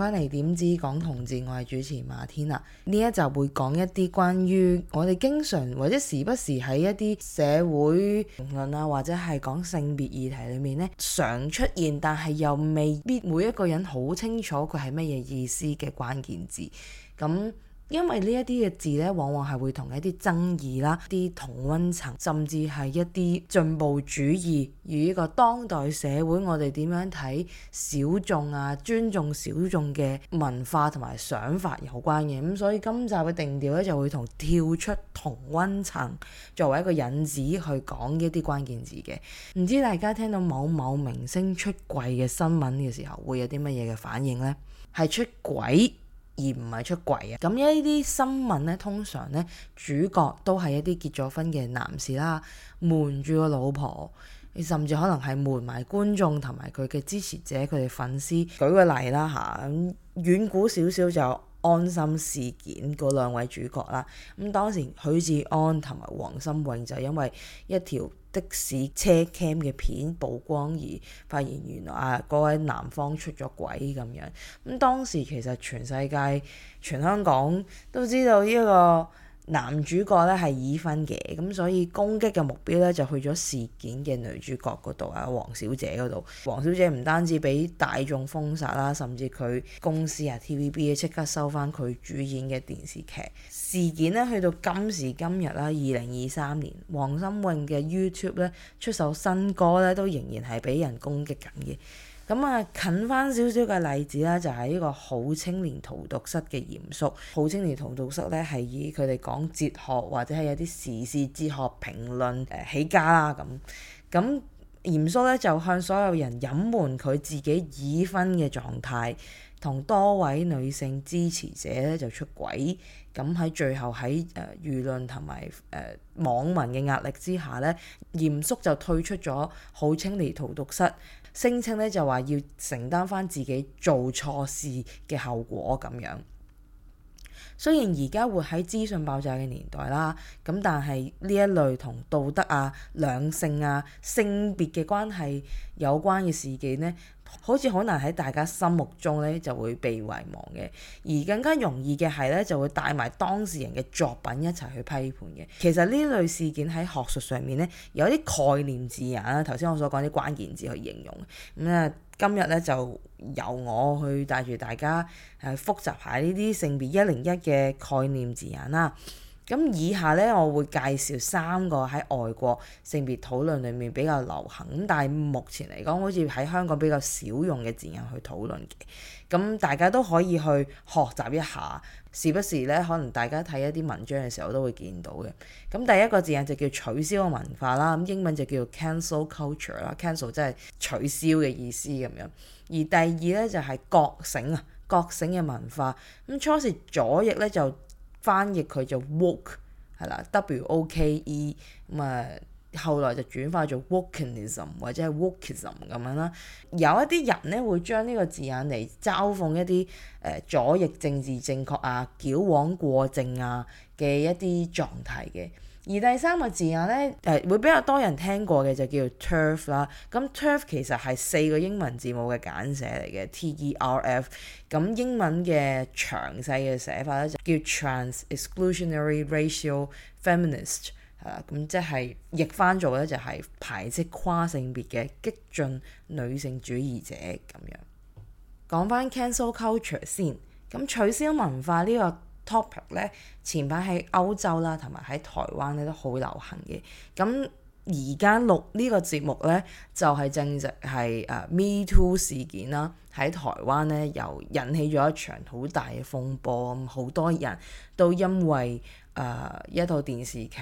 翻嚟點知講同志？我係主持馬天娜，呢一集會講一啲關於我哋經常或者時不時喺一啲社會評論啊，或者係講性別議題裏面呢常出現，但係又未必每一個人好清楚佢係乜嘢意思嘅關鍵字，咁。因為呢一啲嘅字呢，往往係會同一啲爭議啦、啲同温層，甚至係一啲進步主義與呢個當代社會我哋點樣睇小眾啊、尊重小眾嘅文化同埋想法有關嘅。咁所以今集嘅定調呢，就會同跳出同温層作為一個引子去講一啲關鍵字嘅。唔知大家聽到某某明星出軌嘅新聞嘅時候，會有啲乜嘢嘅反應呢？係出軌。而唔係出軌啊！咁呢啲新聞咧，通常咧主角都係一啲結咗婚嘅男士啦，瞞住個老婆，甚至可能係瞞埋觀眾同埋佢嘅支持者，佢哋粉絲。舉個例啦吓，遠古少少就，安心事件嗰兩位主角啦，咁當時許志安同埋黃心穎就因為一條的士車 cam 嘅片曝光而發現原來啊，嗰位男方出咗軌咁樣。咁當時其實全世界、全香港都知道呢、這、一個。男主角咧係已婚嘅，咁所以攻擊嘅目標咧就去咗事件嘅女主角嗰度啊，黃小姐嗰度。黃小姐唔單止俾大眾封殺啦，甚至佢公司啊 TVB 啊即刻收翻佢主演嘅電視劇。事件咧去到今時今日啦，二零二三年，黃心穎嘅 YouTube 咧出首新歌咧都仍然係俾人攻擊緊嘅。咁啊，近返少少嘅例子啦，就係、是、呢個好青年荼毒室嘅鹽叔。好青年荼毒室咧，係以佢哋講哲學或者係有啲時事哲學評論誒起家啦咁。咁鹽叔咧就向所有人隱瞞佢自己已婚嘅狀態。同多位女性支持者咧就出軌，咁喺最後喺誒輿論同埋誒網民嘅壓力之下咧，嚴肅就退出咗好青年荼毒室，聲稱咧就話要承擔翻自己做錯事嘅後果咁樣。雖然而家活喺資訊爆炸嘅年代啦，咁但係呢一類同道德啊、兩性啊、性別嘅關係有關嘅事件呢。好似好難喺大家心目中咧就會被遺忘嘅，而更加容易嘅係咧就會帶埋當事人嘅作品一齊去批判嘅。其實呢類事件喺學術上面咧有啲概，、嗯啊、概念字眼啦，頭先我所講啲關鍵字去形容，咁啊，今日咧就由我去帶住大家誒複習下呢啲性別一零一嘅概念字眼啦。咁以下咧，我會介紹三個喺外國性別討論裡面比較流行，但係目前嚟講，好似喺香港比較少用嘅字眼去討論嘅。咁、嗯、大家都可以去學習一下，時不時咧，可能大家睇一啲文章嘅時候都會見到嘅。咁、嗯、第一個字眼就叫取消嘅文化啦，咁、嗯、英文就叫 cancel culture 啦、啊、，cancel 即係取消嘅意思咁樣。而第二咧就係、是、覺醒啊，覺醒嘅文化。咁、嗯、初時左翼咧就。翻譯佢就 woke 係啦，W O K E 咁啊，後來就轉化做 wokeism 或者係 wokism 咁樣啦。有一啲人咧會將呢個字眼嚟嘲諷一啲誒左翼政治正確啊、矯枉過正啊嘅一啲狀態嘅。而第三個字眼咧，誒會比較多人聽過嘅就叫 TERF 啦。咁 TERF 其實係四個英文字母嘅簡寫嚟嘅，T-E-R-F。咁、e、英文嘅詳細嘅寫法咧就叫 trans-exclusionary radical feminist 啊。咁即係譯翻做咧就係排斥跨性別嘅激進女性主義者咁樣。講翻 cancel culture 先，咁取消文化呢、這個。topic 咧前排喺歐洲啦，同埋喺台灣咧都好流行嘅。咁而家錄呢個節目咧，就係、是、正值係誒 Me Too 事件啦。喺台灣咧，又引起咗一場好大嘅風波。好多人都因為誒、呃、一套電視劇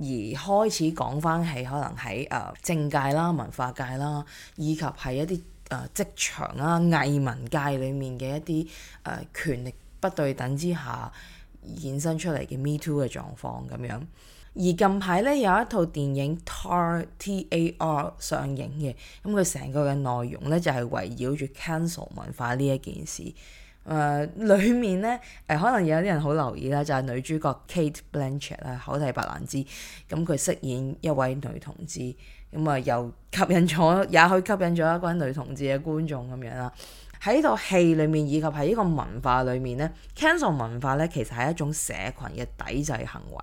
而開始講翻起可能喺誒政界啦、文化界啦，以及係一啲誒、呃、職場啊、藝文界裡面嘅一啲誒、呃、權力。不對等之下衍生出嚟嘅 Me Too 嘅狀況咁樣，而近排咧有一套電影 Tar T A R 上映嘅，咁佢成個嘅內容咧就係、是、圍繞住 Cancel 文化呢一件事。誒、呃，裡面咧誒、呃，可能有啲人好留意啦，就係、是、女主角 Kate Blanchett 啦，口替白蘭芝，咁佢飾演一位女同志，咁啊又吸引咗，也許吸引咗一位女同志嘅觀眾咁樣啦。喺套戲裏面，以及喺呢個文化裏面咧，cancel 文化咧，其實係一種社群嘅抵制行為。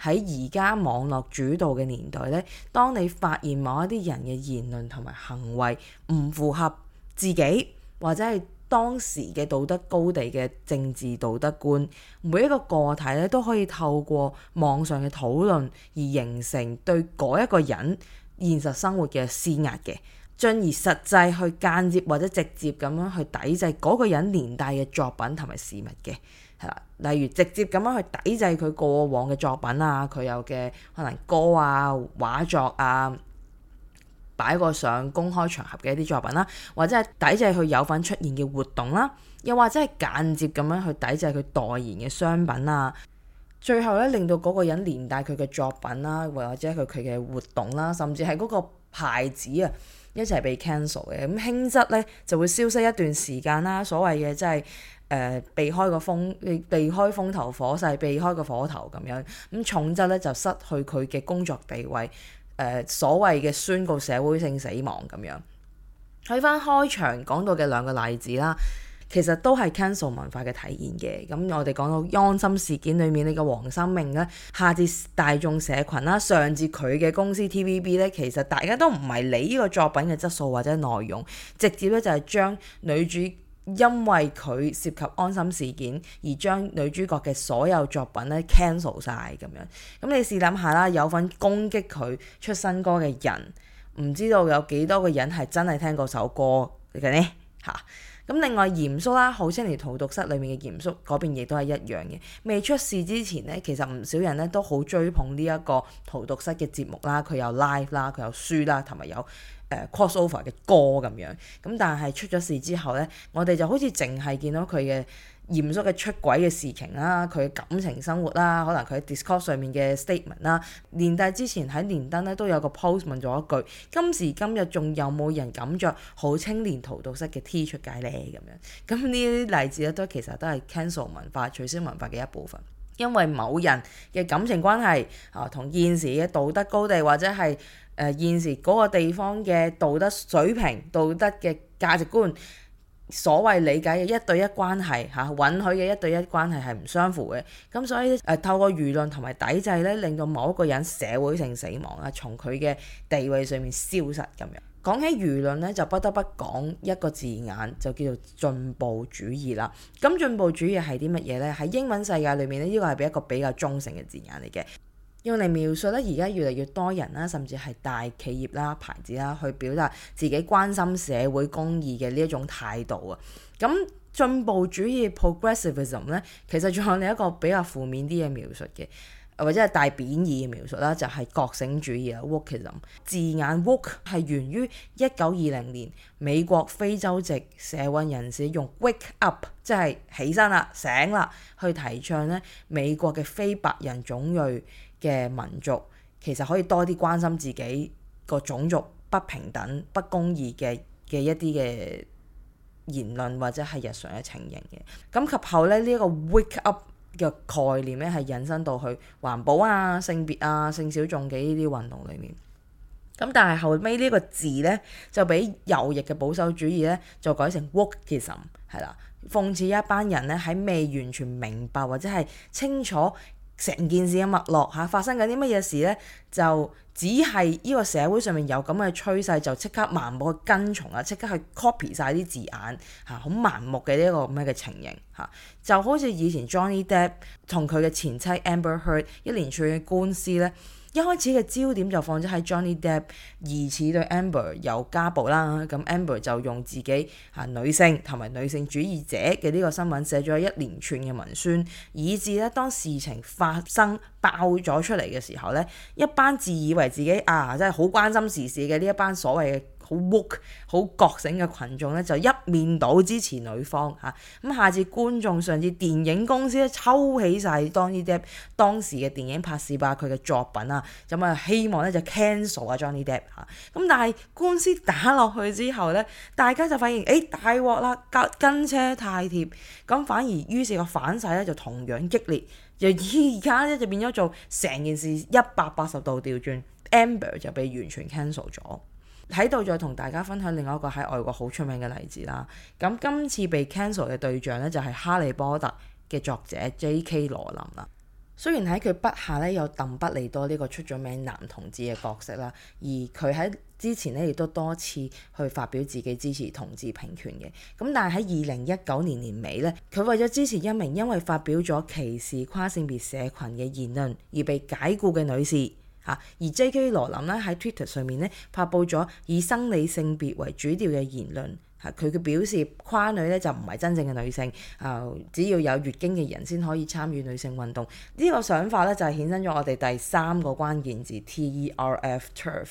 喺而家網絡主導嘅年代咧，當你發現某一啲人嘅言論同埋行為唔符合自己，或者係當時嘅道德高地嘅政治道德觀，每一個個體咧都可以透過網上嘅討論而形成對嗰一個人現實生活嘅施壓嘅。進而實際去間接或者直接咁樣去抵制嗰個人連帶嘅作品同埋事物嘅，係啦，例如直接咁樣去抵制佢過往嘅作品啊，佢有嘅可能歌啊、畫作啊，擺過上公開場合嘅一啲作品啦，或者係抵制佢有份出現嘅活動啦，又或者係間接咁樣去抵制佢代言嘅商品啊，最後咧令到嗰個人連帶佢嘅作品啦，或者佢佢嘅活動啦，甚至係嗰個牌子啊。一齊被 cancel 嘅，咁輕則咧就會消失一段時間啦。所謂嘅即係誒避開個風，避避開風頭火勢，避開個火頭咁樣。咁重則咧就失去佢嘅工作地位，誒、呃、所謂嘅宣告社會性死亡咁樣。睇翻開場講到嘅兩個例子啦。其實都係 cancel 文化嘅體現嘅，咁我哋講到安心事件裏面你個黃心穎咧，下至大眾社群啦，上至佢嘅公司 TVB 咧，其實大家都唔係理呢個作品嘅質素或者內容，直接咧就係將女主因為佢涉及安心事件而將女主角嘅所有作品咧 cancel 晒。咁樣。咁你試諗下啦，有份攻擊佢出新歌嘅人，唔知道有幾多個人係真係聽過首歌嘅咧嚇。咁另外嚴肅啦，好青年荼毒室裏面嘅嚴肅嗰邊亦都係一樣嘅。未出事之前咧，其實唔少人咧都好追捧呢一個荼毒室嘅節目啦，佢有 live 啦，佢有書啦，同埋有誒 cross over 嘅歌咁樣。咁但係出咗事之後咧，我哋就好似淨係見到佢嘅。嚴肅嘅出軌嘅事情啦，佢嘅感情生活啦，可能佢 Discord 上面嘅 statement 啦，連帶之前喺連登咧都有個 post 問咗一句：今時今日仲有冇人敢着好青年荼毒室嘅 T 出街咧？咁樣咁呢啲例子咧，都其實都係 cancel 文化、取消文化嘅一部分，因為某人嘅感情關係啊，同現時嘅道德高地或者係誒、呃、現時嗰個地方嘅道德水平、道德嘅價值觀。所謂理解嘅一對一關係嚇、啊，允許嘅一對一關係係唔相符嘅，咁所以誒、呃、透過輿論同埋抵制咧，令到某一個人社會性死亡啊，從佢嘅地位上面消失咁樣。講起輿論咧，就不得不講一個字眼，就叫做進步主義啦。咁進步主義係啲乜嘢咧？喺英文世界裏面咧，呢、這個係俾一個比較中性嘅字眼嚟嘅。用嚟描述咧，而家越嚟越多人啦，甚至係大企業啦、牌子啦，去表達自己關心社會公義嘅呢一種態度啊。咁進步主義 progressivism 咧，其實仲有另一個比較負面啲嘅描述嘅，或者係大貶義嘅描述啦，就係、是、覺醒主義啊，wokeism。字眼 woke 係源於一九二零年美國非洲籍社運人士用 wake up，即係起身啦、醒啦，去提倡咧美國嘅非白人種類嘅民族其實可以多啲關心自己個種族不平等、不公義嘅嘅一啲嘅言論或者係日常嘅情形嘅。咁及後咧，呢、這、一個 wake up 嘅概念咧，係引申到去環保啊、性別啊、性小眾嘅呢啲運動裏面。咁但係後尾呢個字咧，就俾右翼嘅保守主義咧，就改成 wokeism、ok、係啦，諷刺一班人咧喺未完全明白或者係清楚。成件事嘅脈絡吓，發生緊啲乜嘢事咧？就只係呢個社會上面有咁嘅趨勢，就即刻盲目去跟從啊！即刻去 copy 晒啲字眼吓，好盲目嘅呢一個咩嘅情形吓？就好似以前 Johnny Depp 同佢嘅前妻 Amber Heard 一連串嘅官司咧。一開始嘅焦點就放咗喺 Johnny Depp 疑似對 Amber 有家暴啦，咁 Amber 就用自己係女性同埋女性主義者嘅呢個身份寫咗一連串嘅文宣，以致咧當事情發生爆咗出嚟嘅時候咧，一班自以為自己啊真係好關心時事嘅呢一班所謂嘅。好 woke 好覺醒嘅群眾咧，就一面倒支持女方嚇。咁、啊、下至觀眾，上至電影公司咧抽起晒 Johnny Depp 當時嘅電影拍攝啊，佢嘅作品啊，咁啊希望咧就 cancel John 啊 Johnny Depp 咁，但係官司打落去之後咧，大家就發現誒大鑊啦，跟、欸、跟車太貼，咁、啊、反而於是個反噬咧就同樣激烈，就而家咧就變咗做成件事一百八十度掉轉，Amber 就被完全 cancel 咗。喺度再同大家分享另外一個喺外國好出名嘅例子啦。咁今次被 cancel 嘅對象呢，就係《哈利波特》嘅作者 J.K. 羅琳啦。雖然喺佢筆下呢，有鄧不利多呢個出咗名男同志嘅角色啦，而佢喺之前呢，亦都多次去發表自己支持同志平權嘅。咁但係喺二零一九年年尾呢，佢為咗支持一名因為發表咗歧視跨性別社群嘅言論而被解雇嘅女士。啊！而 J.K. 羅琳咧喺 Twitter 上面咧，發布咗以生理性別為主調嘅言論。係佢嘅表示，跨女咧就唔係真正嘅女性。啊，只要有月經嘅人先可以參與女性運動。呢、呢個想法咧就係衍生咗我哋第三個關鍵字 T.E.R.F.Turf。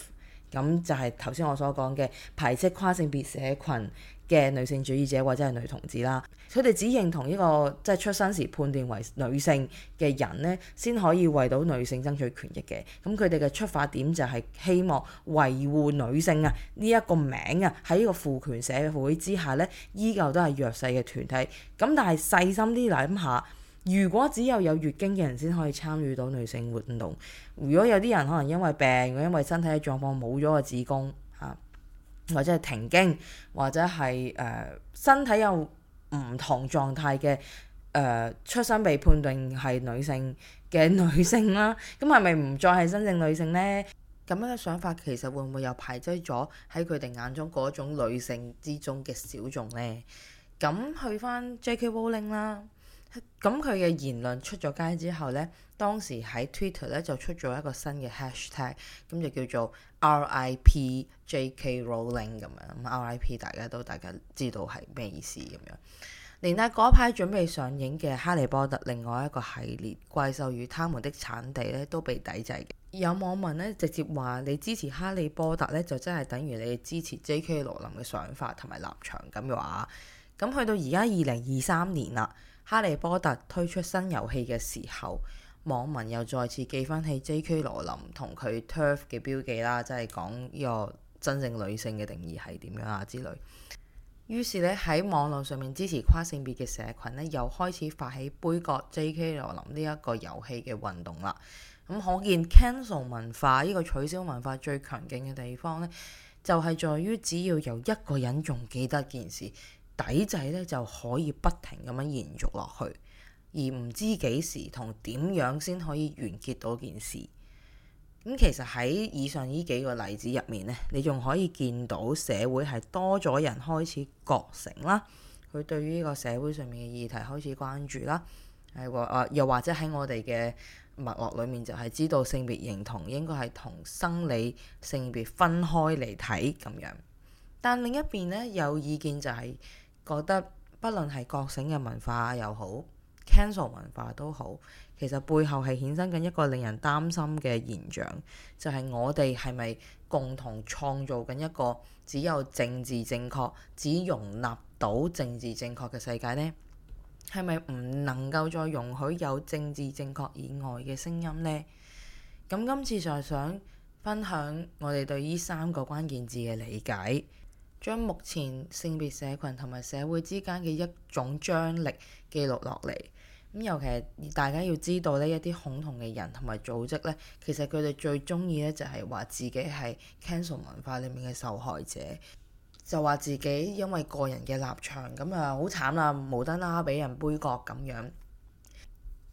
咁、e、就係頭先我所講嘅排斥跨性別社群嘅女性主義者或者係女同志啦，佢哋只認同呢個即係出生時判斷為女性嘅人咧，先可以為到女性爭取權益嘅。咁佢哋嘅出發點就係希望維護女性啊，呢一個名啊，喺呢個父權社會之下咧，依舊都係弱勢嘅團體。咁但係細心啲諗下，如果只有有月經嘅人先可以參與到女性活動，如果有啲人可能因為病，因為身體嘅狀況冇咗個子宮，或者係停經，或者係誒、呃、身體有唔同狀態嘅誒、呃、出生被判定係女性嘅女性啦，咁係咪唔再係真正女性呢？咁樣嘅想法其實會唔會又排擠咗喺佢哋眼中嗰種女性之中嘅小眾呢？咁去翻 JK Rowling 啦。咁佢嘅言論出咗街之後呢，當時喺 Twitter 咧，就出咗一個新嘅 hashtag，咁就叫做 R.I.P. J.K. Rowling 咁樣，咁 R.I.P. 大家都大家知道係咩意思咁樣。連帶嗰一排準備上映嘅《哈利波特》另外一個系列《怪獸與他們的產地》咧，都被抵制嘅。有網民咧直接話：你支持《哈利波特》咧，就真係等於你支持 J.K. 羅琳嘅想法同埋立場咁嘅話。咁去到而家二零二三年啦。哈利波特推出新遊戲嘅時候，網民又再次記翻起 J.K. 羅琳同佢 TERF 嘅標記啦，即係講呢個真正女性嘅定義係點樣啊之類。於是咧喺網絡上面支持跨性別嘅社群咧，又開始發起杯葛 J.K. 羅琳呢一個遊戲嘅運動啦。咁可見 Cancel 文化呢、呢個取消文化最強勁嘅地方咧，就係、係、在於只要有一個人仲記得件事。抵制咧就可以不停咁樣延續落去，而唔知幾時同點樣先可以完結到件事。咁其實喺以上呢幾個例子入面咧，你仲可以見到社會係多咗人開始覺醒啦，佢對於呢個社會上面嘅議題開始關注啦。誒又或者喺我哋嘅脈絡裏面就係知道性別認同應該係同生理性別分開嚟睇咁樣。但另一邊呢，有意見就係、是。覺得，不論係覺醒嘅文化又好，cancel 文化都好，其實背後係衍生緊一個令人擔心嘅現象，就係、是、我哋係咪共同創造緊一個只有政治正確、只容納到政治正確嘅世界呢？係咪唔能夠再容許有政治正確以外嘅聲音呢？咁今次就係想分享我哋對於三個關鍵字嘅理解。將目前性別社群同埋社會之間嘅一種張力記錄落嚟，咁尤其大家要知道呢一啲恐同嘅人同埋組織呢，其實佢哋最中意呢就係話自己係 cancel 文化裡面嘅受害者，就話自己因為個人嘅立場咁啊，好慘啦，無得啦，俾人杯葛咁樣。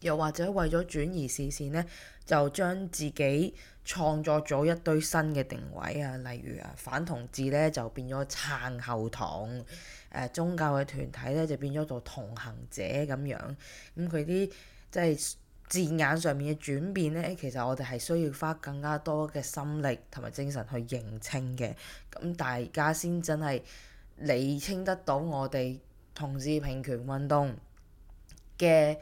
又或者為咗轉移視線呢就將自己創作咗一堆新嘅定位啊，例如啊反同志呢就變咗撐後堂，誒、呃、宗教嘅團體呢就變咗做同行者咁樣。咁佢啲即係字眼上面嘅轉變呢，其實我哋係需要花更加多嘅心力同埋精神去認清嘅。咁、嗯、大家先真係理清得到我哋同志平權運動嘅。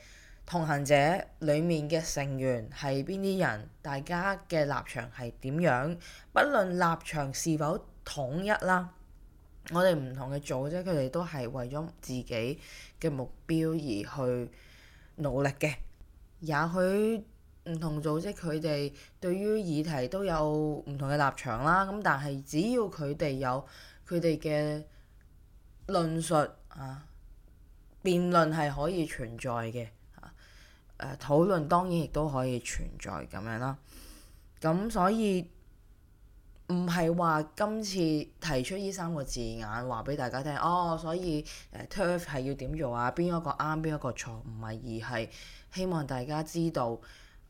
同行者裡面嘅成員係邊啲人？大家嘅立場係點樣？不論立場是否統一啦，我哋唔同嘅組織，佢哋都係為咗自己嘅目標而去努力嘅。也許唔同組織，佢哋對於議題都有唔同嘅立場啦。咁但係，只要佢哋有佢哋嘅論述啊，辯論係可以存在嘅。誒、啊、討論當然亦都可以存在咁樣啦，咁、啊、所以唔係話今次提出呢三個字眼話俾大家聽，哦，所以誒、啊、TERF 係要點做啊？邊一個啱，邊一個錯？唔係，而係希望大家知道誒、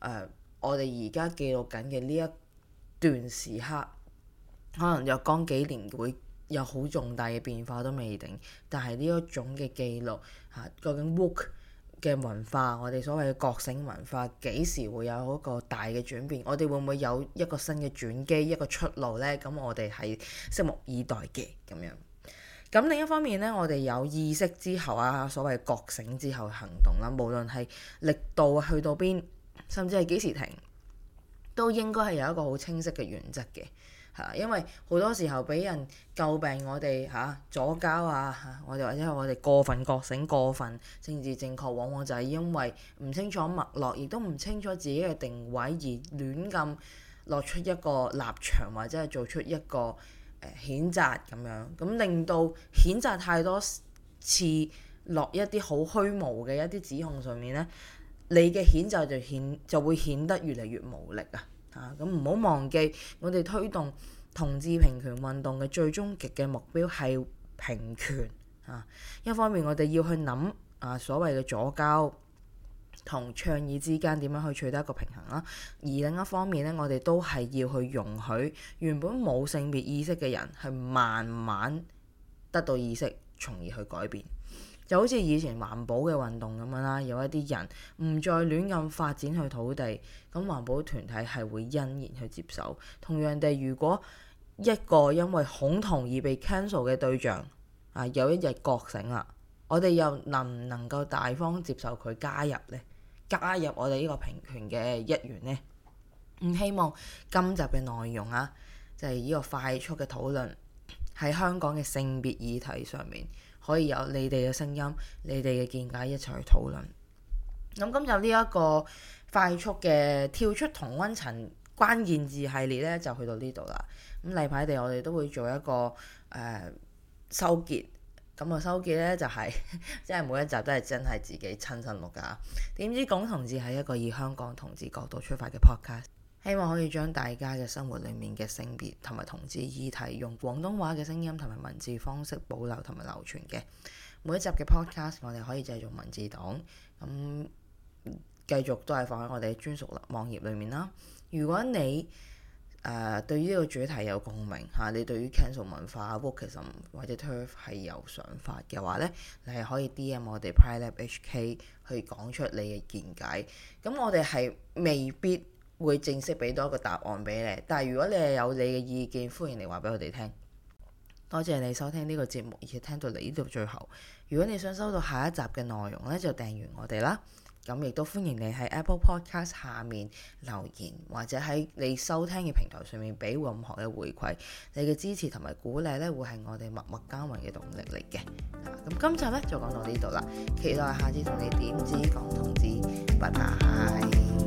啊，我哋而家記錄緊嘅呢一段時刻，可能若干幾年會有好重大嘅變化都未定，但係呢一種嘅記錄吓、啊，究竟 work？嘅文化，我哋所謂嘅覺醒文化，幾時會有一個大嘅轉變，我哋會唔會有一個新嘅轉機，一個出路咧？咁我哋係拭目以待嘅咁樣。咁另一方面咧，我哋有意識之後啊，所謂覺醒之後行動啦，無論係力度去到邊，甚至係幾時停，都應該係有一個好清晰嘅原則嘅。因為好多時候俾人詬病我，我哋吓左膠啊！我哋、啊啊、或者係我哋過分覺醒、過分政治正確，往往就係因為唔清楚脈絡，亦都唔清楚自己嘅定位，而亂咁落出一個立場，或者係做出一個誒、呃、譴責咁樣，咁、嗯、令到譴責太多次落一啲好虛無嘅一啲指控上面呢，你嘅譴責就顯就會顯得越嚟越無力啊！啊！咁唔好忘記，我哋推動同志平權運動嘅最終極嘅目標係平權啊！一方面我哋要去諗啊所謂嘅左膠同倡議之間點樣去取得一個平衡啦、啊，而另一方面呢，我哋都係要去容許原本冇性別意識嘅人，係慢慢得到意識，從而去改變。就好似以前環保嘅運動咁樣啦，有一啲人唔再亂咁發展去土地，咁環保團體係會欣然去接受。同樣地，如果一個因為恐同而被 cancel 嘅對象啊，有一日覺醒啦，我哋又能唔能夠大方接受佢加入呢？加入我哋呢個平權嘅一員呢？唔希望今集嘅內容啊，就係呢個快速嘅討論喺香港嘅性別議題上面。可以有你哋嘅聲音、你哋嘅見解一齊去討論。咁今集呢一個快速嘅跳出同溫層關鍵字系列呢，就去到呢度啦。咁例牌地我哋都會做一個誒收、呃、結。咁啊收結呢，就係、是、 即係每一集都係真係自己親身錄噶。點知講同志係一個以香港同志角度出發嘅 podcast。希望可以將大家嘅生活裏面嘅性別同埋同志議題，用廣東話嘅聲音同埋文字方式保留同埋流傳嘅。每一集嘅 podcast 我哋可以製造文字檔，咁繼續都係放喺我哋嘅專屬網頁裏面啦。如果你誒、呃、對於呢個主題有共鳴嚇、啊，你對於 cancel 文化 wokeism 或者 TERF 係有想法嘅話咧，你係可以 DM 我哋、啊、PrideLab HK 去講出你嘅見解。咁我哋係未必，會正式俾多一個答案俾你，但係如果你係有你嘅意見，歡迎你話俾我哋聽。多謝你收聽呢個節目，而且聽到你呢度最後。如果你想收到下一集嘅內容呢就訂閱我哋啦。咁亦都歡迎你喺 Apple Podcast 下面留言，或者喺你收聽嘅平台上面俾任何嘅回饋。你嘅支持同埋鼓勵呢會係我哋默默耕耘嘅動力嚟嘅。咁今集呢就講到呢度啦，期待下次同你點子講同志，拜拜。